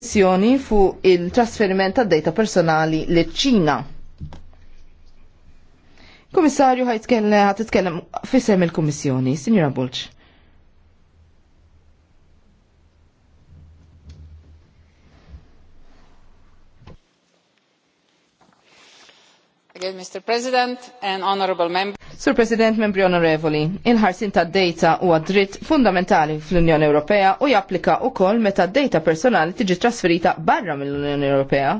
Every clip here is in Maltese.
Sessjoni fuq il-trasferiment ta' data personali l ċina Komissarju ħajtkellem ħatitkellem fissem il-Komissjoni, Signora Bulċ. Mr. President members. Sur President, membri onorevoli, il-ħarsin ta' data huwa dritt fundamentali fl-Unjoni Ewropea u japplika wkoll meta data personali tiġi trasferita barra mill-Unjoni Ewropea.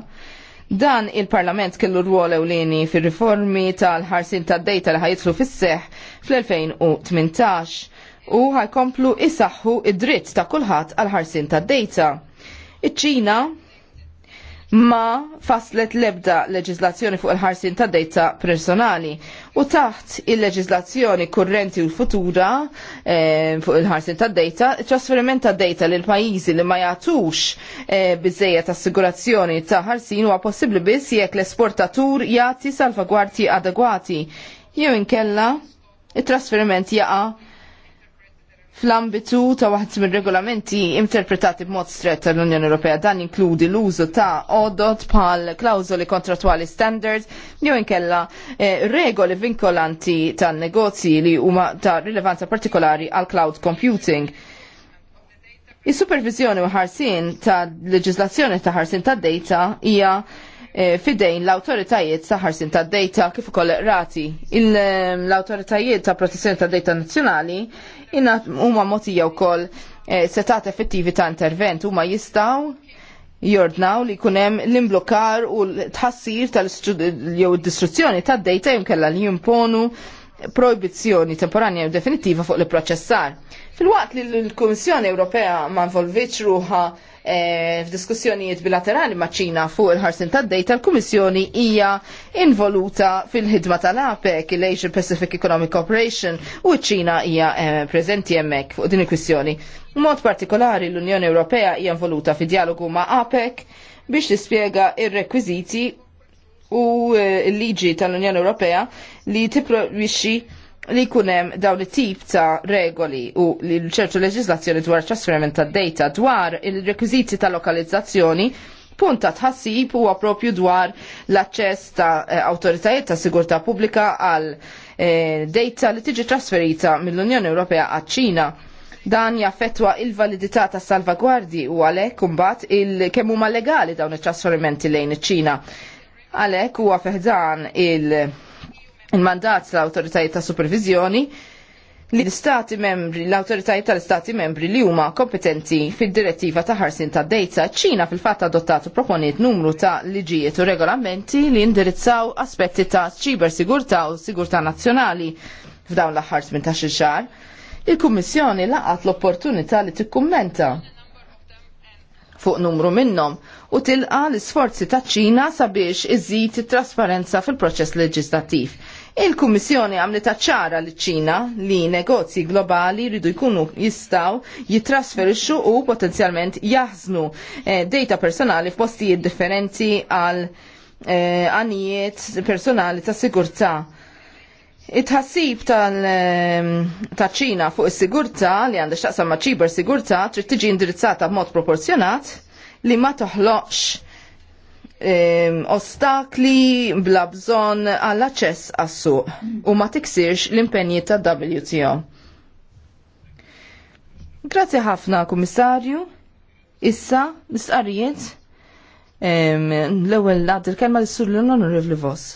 Dan il-Parlament kellu rwol ewlieni fir-riformi tal-ħarsin tad data li ħajitlu fis-seħ fl-2018 u ħajkomplu isaħħu id-dritt ta' kulħadd għal ħarsin tad data. Iċ-Ċina ma faslet lebda leġizlazzjoni fuq il-ħarsin ta' dejta personali u taħt il-leġizlazzjoni kurrenti u l-futura e, fuq il-ħarsin ta' dejta, trasferiment ta' dejta lil pajjiżi li ma jagħtux e, eh, ta' assigurazzjoni ta' ħarsin huwa possibbli biss jekk l-esportatur jagħti salvagwardji adegwati jew inkella il trasferiment jaqa' fl-ambitu ta' waħt minn regolamenti interpretati b'mod strett tal-Unjoni Ewropea dan inkludi l-użu ta' odot bħal klawżoli kontratwali standard jew inkella eh, regoli vinkolanti tan negozji li huma ta' rilevanza partikolari għal cloud computing. Is-supervizjoni u ħarsin ta' leġislazzjoni ta' ħarsin ta' data hija eh, fidejn l-autoritajiet ta' ħarsin ta' data kif ukoll rati. Eh, l-autoritajiet ta' protezzjoni ta' data nazzjonali inna huma motija wkoll eh, setat effettivi ta' intervent huma jistgħu jordnaw li kunem l-imblokkar u l-tħassir tal-jew distruzzjoni ta' dejta jumkella li jimponu proibizzjoni temporanja u definitiva fuq l-proċessar. Fil-waqt li l-Kummissjoni Ewropea ma involvitx ruħa eh, f'diskussjonijiet bilaterali ma' ċina fuq il-ħarsin tad dejta l-Kummissjoni hija involuta fil-ħidma tal-APEC, il-Asian Pacific Economic Cooperation, u ċina hija eh, preżenti hemmhekk fuq din il kwissjoni Mod partikolari l-Unjoni Ewropea hija involuta fi dialogu ma' APEC biex tispjega ir-rekwiżiti u eh, l-liġi tal-Unjoni Ewropea li tipprowixxi li kunem dawn it-tip ta' regoli u li ċertu leġislazzjoni dwar trasferiment ta' data dwar il-rekwiziti ta' lokalizzazzjoni punta tħassib huwa propju dwar l-aċċess ta' eh, awtoritajiet ta' sigurtà pubblika għal eh, data li tiġi trasferita mill-Unjoni Ewropea għal ċina dan jaffettwa il-validità ta' salvagwardi u għalhekk kumbat il kemm huma legali dawn it-trasferimenti lejn iċ-Ċina. Għalhekk huwa fiħdan il-mandat il l-awtoritajiet ta' supervizjoni li l-istati membri, l-autoritajiet tal-istati membri li huma kompetenti fil-direttiva ta' ħarsin ta' dejta ċina fil-fatt adottatu proponiet numru ta' liġijiet u regolamenti li indirizzaw aspetti ta' ċiber sigurta u sigurta nazzjonali f'dawn l-aħħar ta' xi xar. Il-Kummissjoni laqat l-opportunità li tikkummenta fuq numru minnhom u tilqa l-isforzi ta' ċina sabiex iżid it-trasparenza fil-proċess leġislattiv. Il-Kummissjoni għamlet ċara li ċina li negozji globali rridu jkunu jistaw jitrasferixxu u potenzjalment jaħznu eh, data personali f'postijiet differenti għal eh, għanijiet personali ta' sigurtà It-ħassib tal-ċina ehm, fuq is-sigurtà li għandha x'taqsam ma' ċiber sigurtà trid tiġi indirizzata b'mod proporzjonat li ma toħloqx ehm, ostakli bla bżonn għall aċċess għas-suq u ma tiksirx l-impenji ta' WTO. Grazzi ħafna, Kummissarju. Issa, l ehm, l-ewwel għad il-kelma l-sur l-onorevli vos.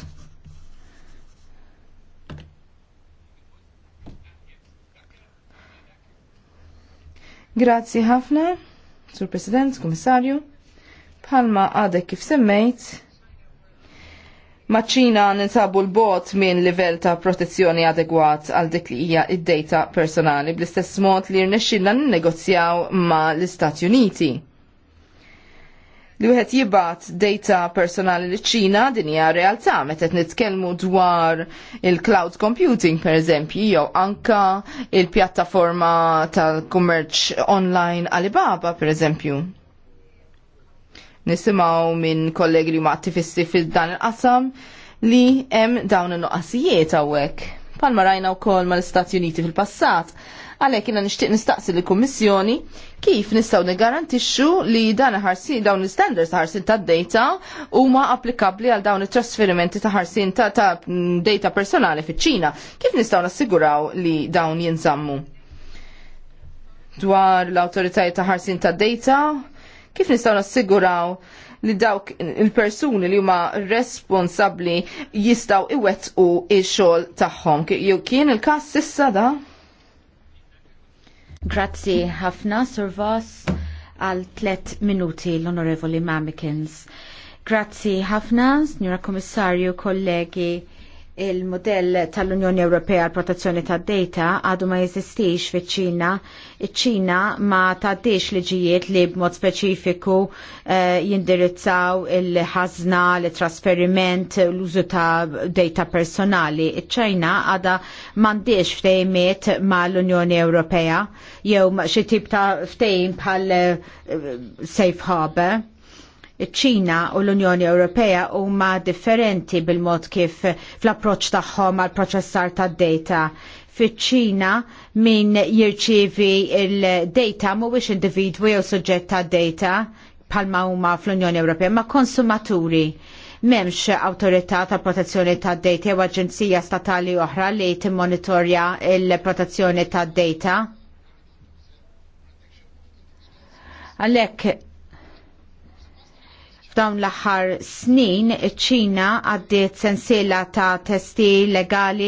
Grazzi ħafna, Sur President, Komissarju. Bħalma għadek kif semmejt, Maċina ninsabu l-bot minn livell ta' protezzjoni adegwat għal dik li hija id-data personali bl-istess mod li rnexxilna ninnegozjaw ma' l-Istati Uniti li wieħed jibgħat data personali li ċina din hija realtà meta qed nitkellmu dwar il-cloud computing pereżempju jew anka il-pjattaforma tal-kummerċ online Alibaba pereżempju. Nisimgħu minn kollegi li huma attivisti fil-dan il-qasam li hemm dawn il-nuqqasijiet hawnhekk. Palma rajna wkoll mal-Istati Uniti fil-passat għalek jiena nixtieq nistaqsi lill kummissjoni kif nistgħu niggarantixxu li dan ħarsin dawn l-standards ta' ħarsin tad-data huma applikabbli għal dawn it-trasferimenti ta' ħarsin ta' data personali fiċ-Ċina. Kif nistgħu nassiguraw li dawn jinżammu? Dwar l-awtoritajiet ta' ħarsin tad-data, kif nistgħu nassiguraw li dawk il-persuni li huma responsabbli jistgħu iwettqu ix xogħol tagħhom. Jew kien il-każ sissa da? Grazzi ħafna, Sur Voss, għal tlet minuti l-Onorevoli Mamikins. Grazzi ħafna, Signora Komissarju, kollegi il-modell tal-Unjoni Ewropea għal protezzjoni tad data għadu ma jeżistix fiċ-Ċina. Iċ-Ċina ma tgħaddix liġijiet li b'mod speċifiku eh, jindirizzaw il-ħażna, l-trasferiment, l-użu ta' data personali. Iċ-Ċina għada m'għandix ftejmiet ma l-Unjoni Ewropea jew xi tip ta' ftejm bħal eh, safe harbor ċ-Ċina u l-Unjoni Ewropea huma differenti bil-mod kif fl-approċċ tagħhom għal proċessar tad-data. Fiċ-Ċina min jirċievi il-data mhuwiex individwi jew suġġett tad-data bħalma huma fl-Unjoni Ewropea ma' konsumaturi memx autorità ta' protezzjoni ta' data jew aġenzija statali oħra li timmonitorja il-protezzjoni ta' data? Għalek, F'dawn l-aħħar snin, ċina għaddiet sensiela ta' testi legali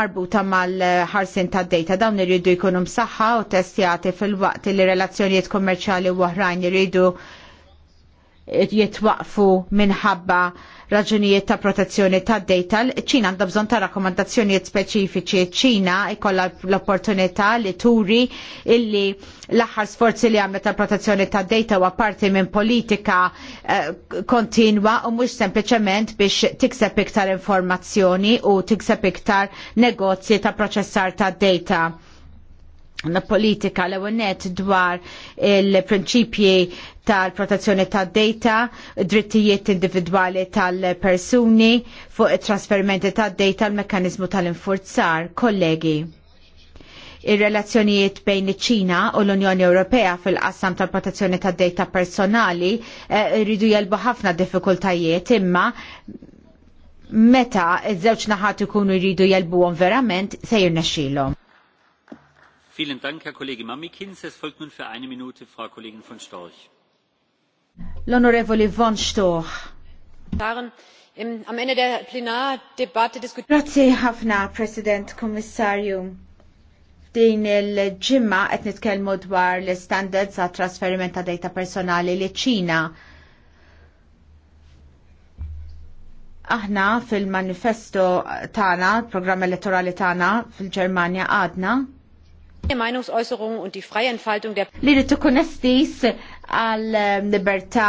marbuta mal-ħarsin ta' data. Dawn irridu jkunu msaħħa u testjati fil-waqt li relazzjonijiet kummerċali u oħrajn irridu jitwaqfu minħabba raġunijiet ta' protezzjoni ta' data. ċina għandha bżonn ta' rakkomandazzjonijiet speċifiċi. ċina jkollha l-opportunità li turi illi l-aħħar sforzi li għamlet ta' protezzjoni ta' data huwa parti minn politika eh, kontinwa u mhux sempliċement biex tikseb iktar informazzjoni u tikseb iktar negozji ta' proċessar ta' data politika l ewwelnet dwar il-prinċipji tal-protezzjoni tad-data, drittijiet individwali tal-persuni fuq it trasferimenti tad-data l-mekkanizmu tal-infurzar, kollegi. Ir-relazzjonijiet bejn iċ-Ċina u l-Unjoni Ewropea fil-qassam tal-protezzjoni tad-data personali eh, rridu jelbu ħafna diffikultajiet imma meta ż-żewġ naħat ikunu jridu jelbuhom verament se jirnexxilhom von L'onorevole von Storch. Grazie ħafna, President, Kommissarju din il-ġimma qed nitkellmu dwar l-standards għat trasferiment ta' data personali li ċina. Aħna fil-manifesto tagħna, il-programm elettorali tagħna fil-Ġermanja għadna, Li li tkun estis għal ehm, libertà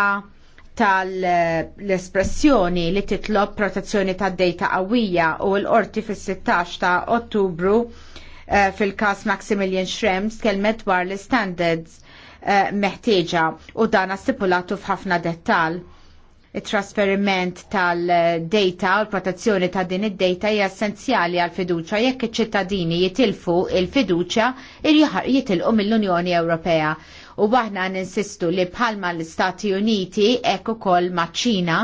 tal-espressjoni eh, li titlob protezzjoni tad dejta qawwija u l-qorti fis-16 ta' Ottubru eh, fil-każ Maximilian Schrems kelmet dwar l-standards eh, meħtieġa u dan stipulatu f'ħafna dettal it-trasferiment tal-data, l-protezzjoni ta' din id-data hija essenzjali għal fiduċa jekk iċ-ċittadini jitilfu il-fiduċa jitilqu mill-Unjoni Ewropea. U aħna ninsistu li bħalma l-Istati Uniti hekk ukoll maċ-Ċina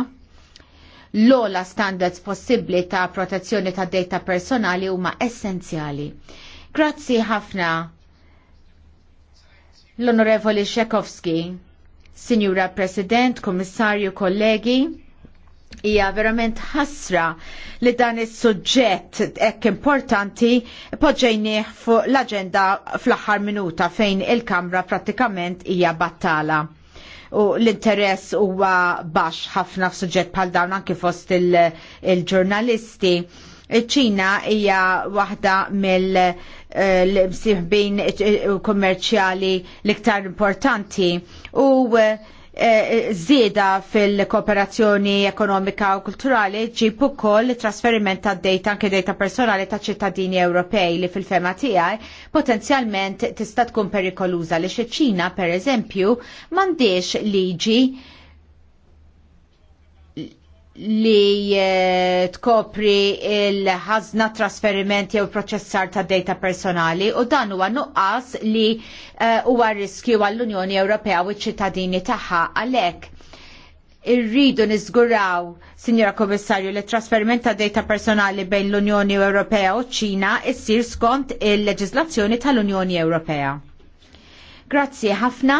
l-ola standards possibbli ta' protezzjoni ta' data personali huma essenzjali. Grazzi ħafna l-Onorevoli Shekovski. Signora President, Komissarju, kollegi, hija verament ħasra li dan is-suġġett hekk importanti poġġejnieh fuq l-aġenda fl-aħħar minuta fejn il-Kamra prattikament hija battala u l-interess huwa baxx ħafna f'suġġett bħal dawn anke fost il-ġurnalisti. il ġurnalisti ċina hija waħda mill eh, l-msibin eh, kommerċjali l-iktar importanti u eh, zieda fil-kooperazzjoni ekonomika u kulturali ġib ukoll trasferiment ta' dejta anke dejta personali ta' ċittadini Ewropej li fil-fema tiegħi potenzjalment tista' tkun perikoluża li ċ-Ċina pereżempju m'għandix liġi li eh, tkopri il-ħazna trasferiment jew proċessar ta' data personali u dan huwa nuqqas li eh, huwa riskju għall-Unjoni Ewropea u ċ-ċittadini tagħha għalhekk irridu niżguraw, Sinjora Komissarju, li trasferiment ta' data personali bejn l-Unjoni Ewropea u ċina issir skont il-leġislazzjoni tal-Unjoni Ewropea. Grazzi ħafna.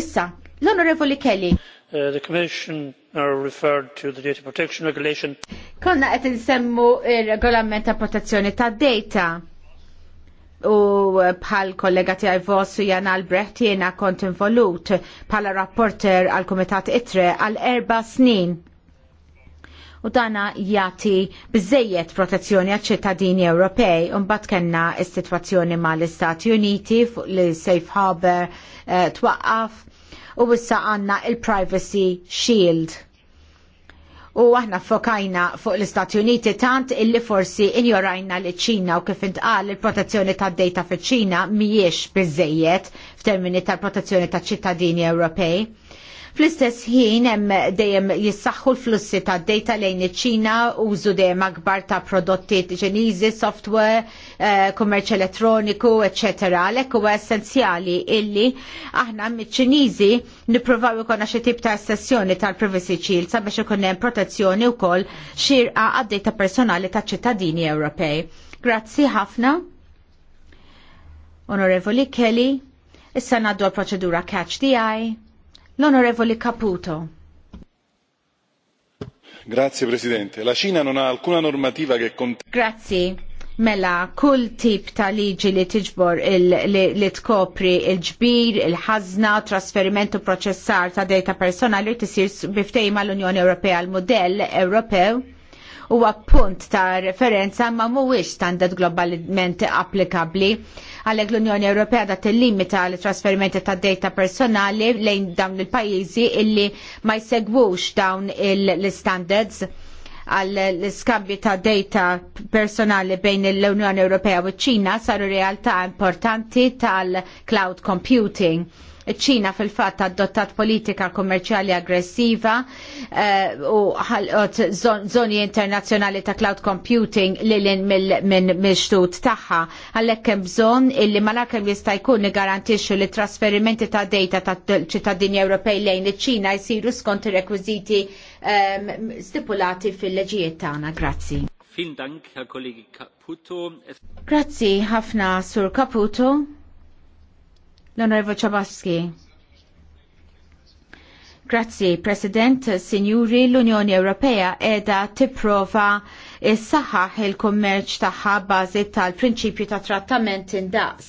Issa, l-Onorevoli Kelly. Uh, the Commission are uh, referred to the data protection regulation. Konna qed insemmu ir-regolament ta' protezzjoni ta' data. U bħal kollega tiegħi vossu u Jan Albrecht jiena kont involut bħala rapporter għal Kumitat Itre għal erba snin. U dana jati bżejjed protezzjoni għal ċittadini Ewropej u mbagħad kellna s-sitwazzjoni mal istati Uniti fuq li Safe Harbor eh, twaqqaf u issa għandna il-Privacy Shield u aħna fokajna fuq l-Istati Uniti tant illi forsi injorajna li ċina u kif intqal il-protezzjoni ta' data fi ċina miex bizzejiet f'termini tal-protezzjoni ta' ċittadini Ewropej. Fl-istess ħin hemm dejjem jissaħħu l-flussi ta' data lejn iċ-Ċina, użu dejjem akbar ta' prodotti ġeniżi, software, eh, kummerċ elettroniku, etc. Għalhekk huwa essenzjali illi aħna miċ-Ċiniżi nippruvaw ikolna xi tip ta' sessjoni tal-privacy shield sabiex ikun hemm protezzjoni wkoll xirqa għad-data personali ta' ċittadini Ewropej. Grazzi ħafna. Onorevoli Kelly, issa naddu għal proċedura catch the eye l'onorevole Caputo. Grazie Presidente. La Cina non ha alcuna normativa che contiene. Grazie. Mela, kull tip ta' liġi li tiġbor li, tkopri il-ġbir, il-ħazna, trasferiment u proċessar ta' data personali tisir biftejma l-Unjoni Ewropea l-modell Ewropew huwa punt ta' referenza ma mhuwiex standard globalment applikabbli. Għalhekk l-Unjoni Ewropea dat tillimita l-trasferimenti ta' data personali lejn dawn il-pajjiżi illi ma jsegwux dawn il standards għall l-iskambju ta' data personali bejn l-Unjoni Ewropea u ċ-Ċina saru realtà importanti tal-cloud computing ċina fil-fatt adottat politika kommerċjali aggressiva eh, u ħallot zoni internazzjonali ta' cloud computing lilin mill-xtut tagħha għalhekk hemm bżonn illi malakemm jista' jkun garantixxu li trasferimenti ta' data ta' ċittadini Ewropej lejn iċ-Ċina jsiru skont ir-rekwiżiti ehm, stipulati fil-leġijiet tagħna. Grazzi. Grazzi ħafna Sur Caputo. L-Onorevol Czabaski. Grazzi, President, Sinjuri, l-Unjoni Ewropea edha tipprova s-saħħaħ il-kummerċ tagħha bażi tal-prinċipju ta' trattament indaqs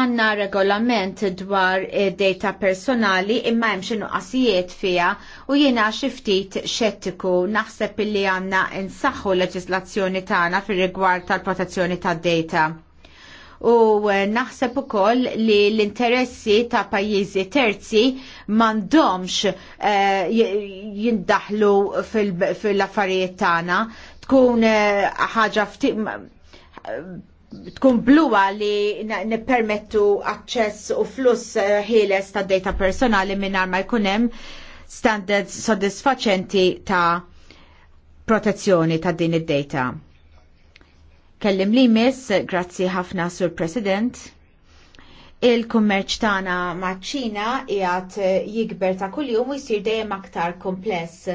għanna regolament dwar data personali imma hemm xi nuqqasijiet fiha u jiena xi ftit xettiku naħseb illi għandna insaħħu l leġislazzjoni tagħna fir-rigward tal-protezzjoni tad-data u eh, naħseb ukoll li l-interessi ta' pajjiżi terzi m'għandhomx eh, jindaħlu fil-affarijiet tagħna tkun eh, ħaġa ftit tkun bluwa li nippermettu aċċess u fluss ħieles ta' data personali minnar ma jkun hemm standards sodisfaċenti ta' protezzjoni ta' din id-data. Kellim li miss, grazzi ħafna sur President. Il-kummerċ tagħna maċ-Ċina qiegħed jikber ta' kuljum u jsir dejjem aktar kompless.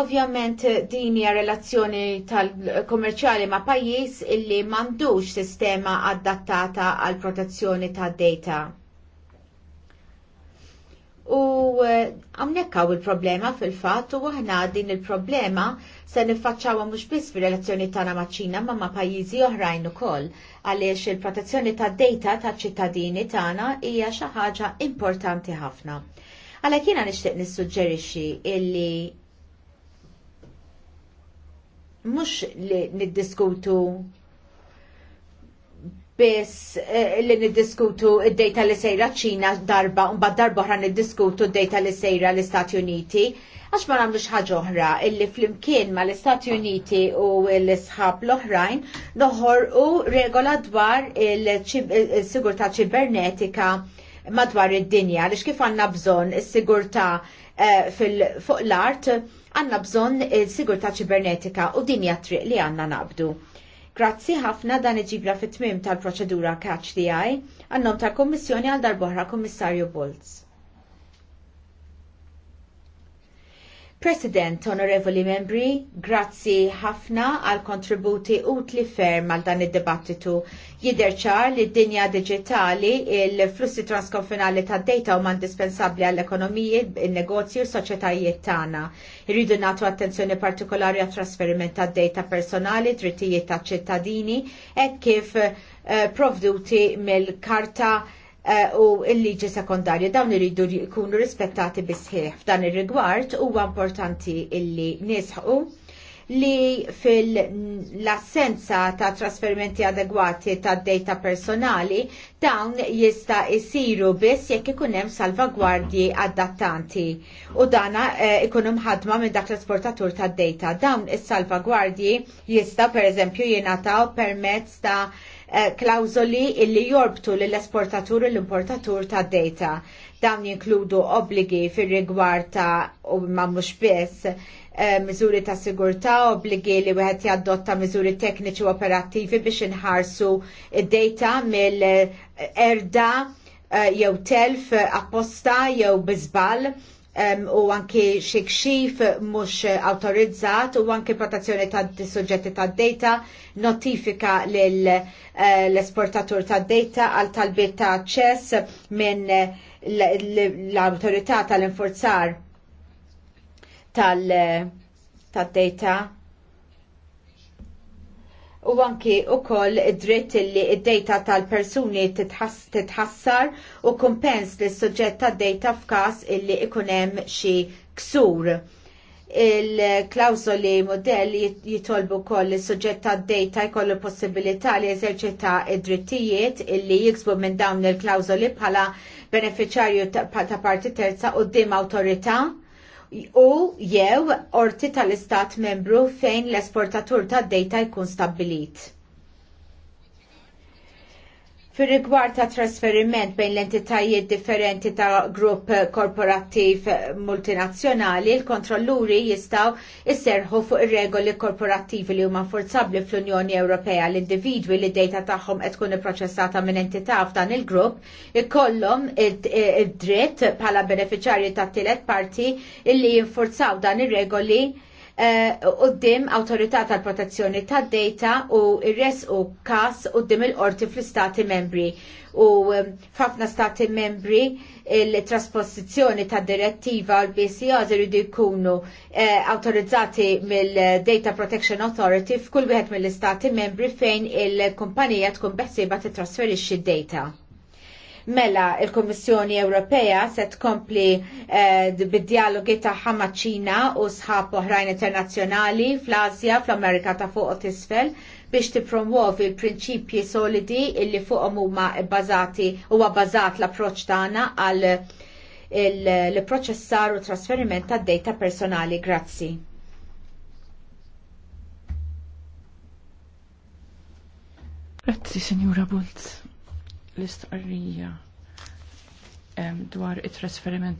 Ovvjament din hija relazzjoni tal-kummerċjali ma' pajjiż illi m'għandux sistema adattata għal protezzjoni tad-data U eh, għamnekkaw il-problema fil-fat u għahna din il-problema se nifacċawa mux bis fil-relazzjoni tana maċina ma ma pajizi oħrajn u koll għaliex il-protezzjoni ta' data ta' ċittadini tana hija xi ħaġa importanti ħafna. Għalhekk jiena nixtieq nissuġġerixxi illi mhux li niddiskutu biss eh, li niddiskutu id-dejta li sejra ċina darba, un bad darba ħra niddiskutu id-dejta li sejra l-Istati Uniti, għax ma namlux ħaġa oħra illi flimkien ma l-Istati Uniti u l-isħab l-oħrajn noħor u regola dwar il-sigurta ċibernetika madwar id-dinja, li kif għanna bżon il-sigurta eh, fuq l-art, għanna bżon il-sigurta ċibernetika u dinja triq li għanna nabdu. Grazzi ħafna dan iġibla fit-tmim tal-proċedura Catch the Eye għannom tal-Kommissjoni għal darbohra Kommissarju Bolz. President, onorevoli membri, grazzi ħafna għal kontributi utli ferm għal dan id-dibattitu. Jiderċar li d-dinja digitali il-flussi transkonfinali ta' data u man dispensabli għall ekonomiji il-negozju, soċetajiet tagħna. Irridu natu attenzjoni partikolari għat trasferiment ta' data personali, drittijiet ta' ċittadini, e kif uh, provduti mill-karta Eh, u l-liġi sekondarju dawn iridu jkunu rispettati bisħieħ. F'dan ir-rigward huwa importanti illi nisħu li fil-assenza ta' trasferimenti adegwati ta' data personali dawn jista' isiru biss jekk ikun hemm salvagwardji adattanti u dana eh, ikunu mħadma minn dak l-esportatur ta' data. Dawn is-salvagwardji jista' pereżempju jingħataw permezz ta' Eh, klawzoli illi jorbtu l-esportatur u l-importatur ta' data. Dawn jinkludu obbligi fir rigward ta' u ma' mux biss eh, miżuri ta' sigurtà obbligi li wieħed jaddotta miżuri tekniċi u operattivi biex inħarsu id-data mill-erda eh, jew telf apposta jew bizbal u anki xikxif mhux awtorizzat u anki protezzjoni ta' suġġetti ta' data, notifika eh, l-esportatur ta' data għal talbiet ta' ċess minn l-autorità tal-inforzar tal-data eh, u anki u koll dritt li id-data tal-persuni titħassar u kumpens li s tad-data f'kas illi ikunem xi ksur. Il-klawzoli modell jitolbu koll li s tad-data jkollu possibilità li eżerċita id-drittijiet illi jiksbu minn dawn il-klawzoli bħala beneficjarju ta' parti terza u dim autorita' u jew orti tal-istat membru fejn l-esportatur tad-dejta jkun stabbilit. Fir rigward ta' trasferiment bejn l-entitajiet differenti ta' grupp korporattiv multinazzjonali, il-kontrolluri jistaw isserħu fuq ir-regoli korporattivi li huma forzabli fl-Unjoni Ewropea l-individwi li dejta tagħhom qed tkun ipproċessata minn entità f'dan il-grupp ikollhom id-dritt bħala beneficjarji ta' tielet parti illi jinforzaw dan ir-regoli Eh, qoddim uh, Awtorità tal-Protezzjoni tad-Data u res u kas qoddim il-qorti fl-Stati membri u f'ħafna stati membri il-trasposizjoni ta' direttiva l bca iridu jkunu eh, autorizzati mill-Data Protection Authority f'kull wieħed mill-istati membri fejn il-kumpanija tkun beħsieba titrasferixxi d-data. Mela, il-Kommissjoni Ewropea se tkompli eh, bid-dialogi tagħha ma' Ċina u sħab oħrajn internazzjonali fl-Asja, fl-Amerika ta' fuq u tisfel biex tippromuovi l-prinċipji solidi illi fuqhom huma bbażati huwa bbażat l-approċċ tagħna għal il-proċessar u trasferiment tad data personali. Grazzi. Grazzi, Signora Bulz l-istqarrija dwar it-trasferiment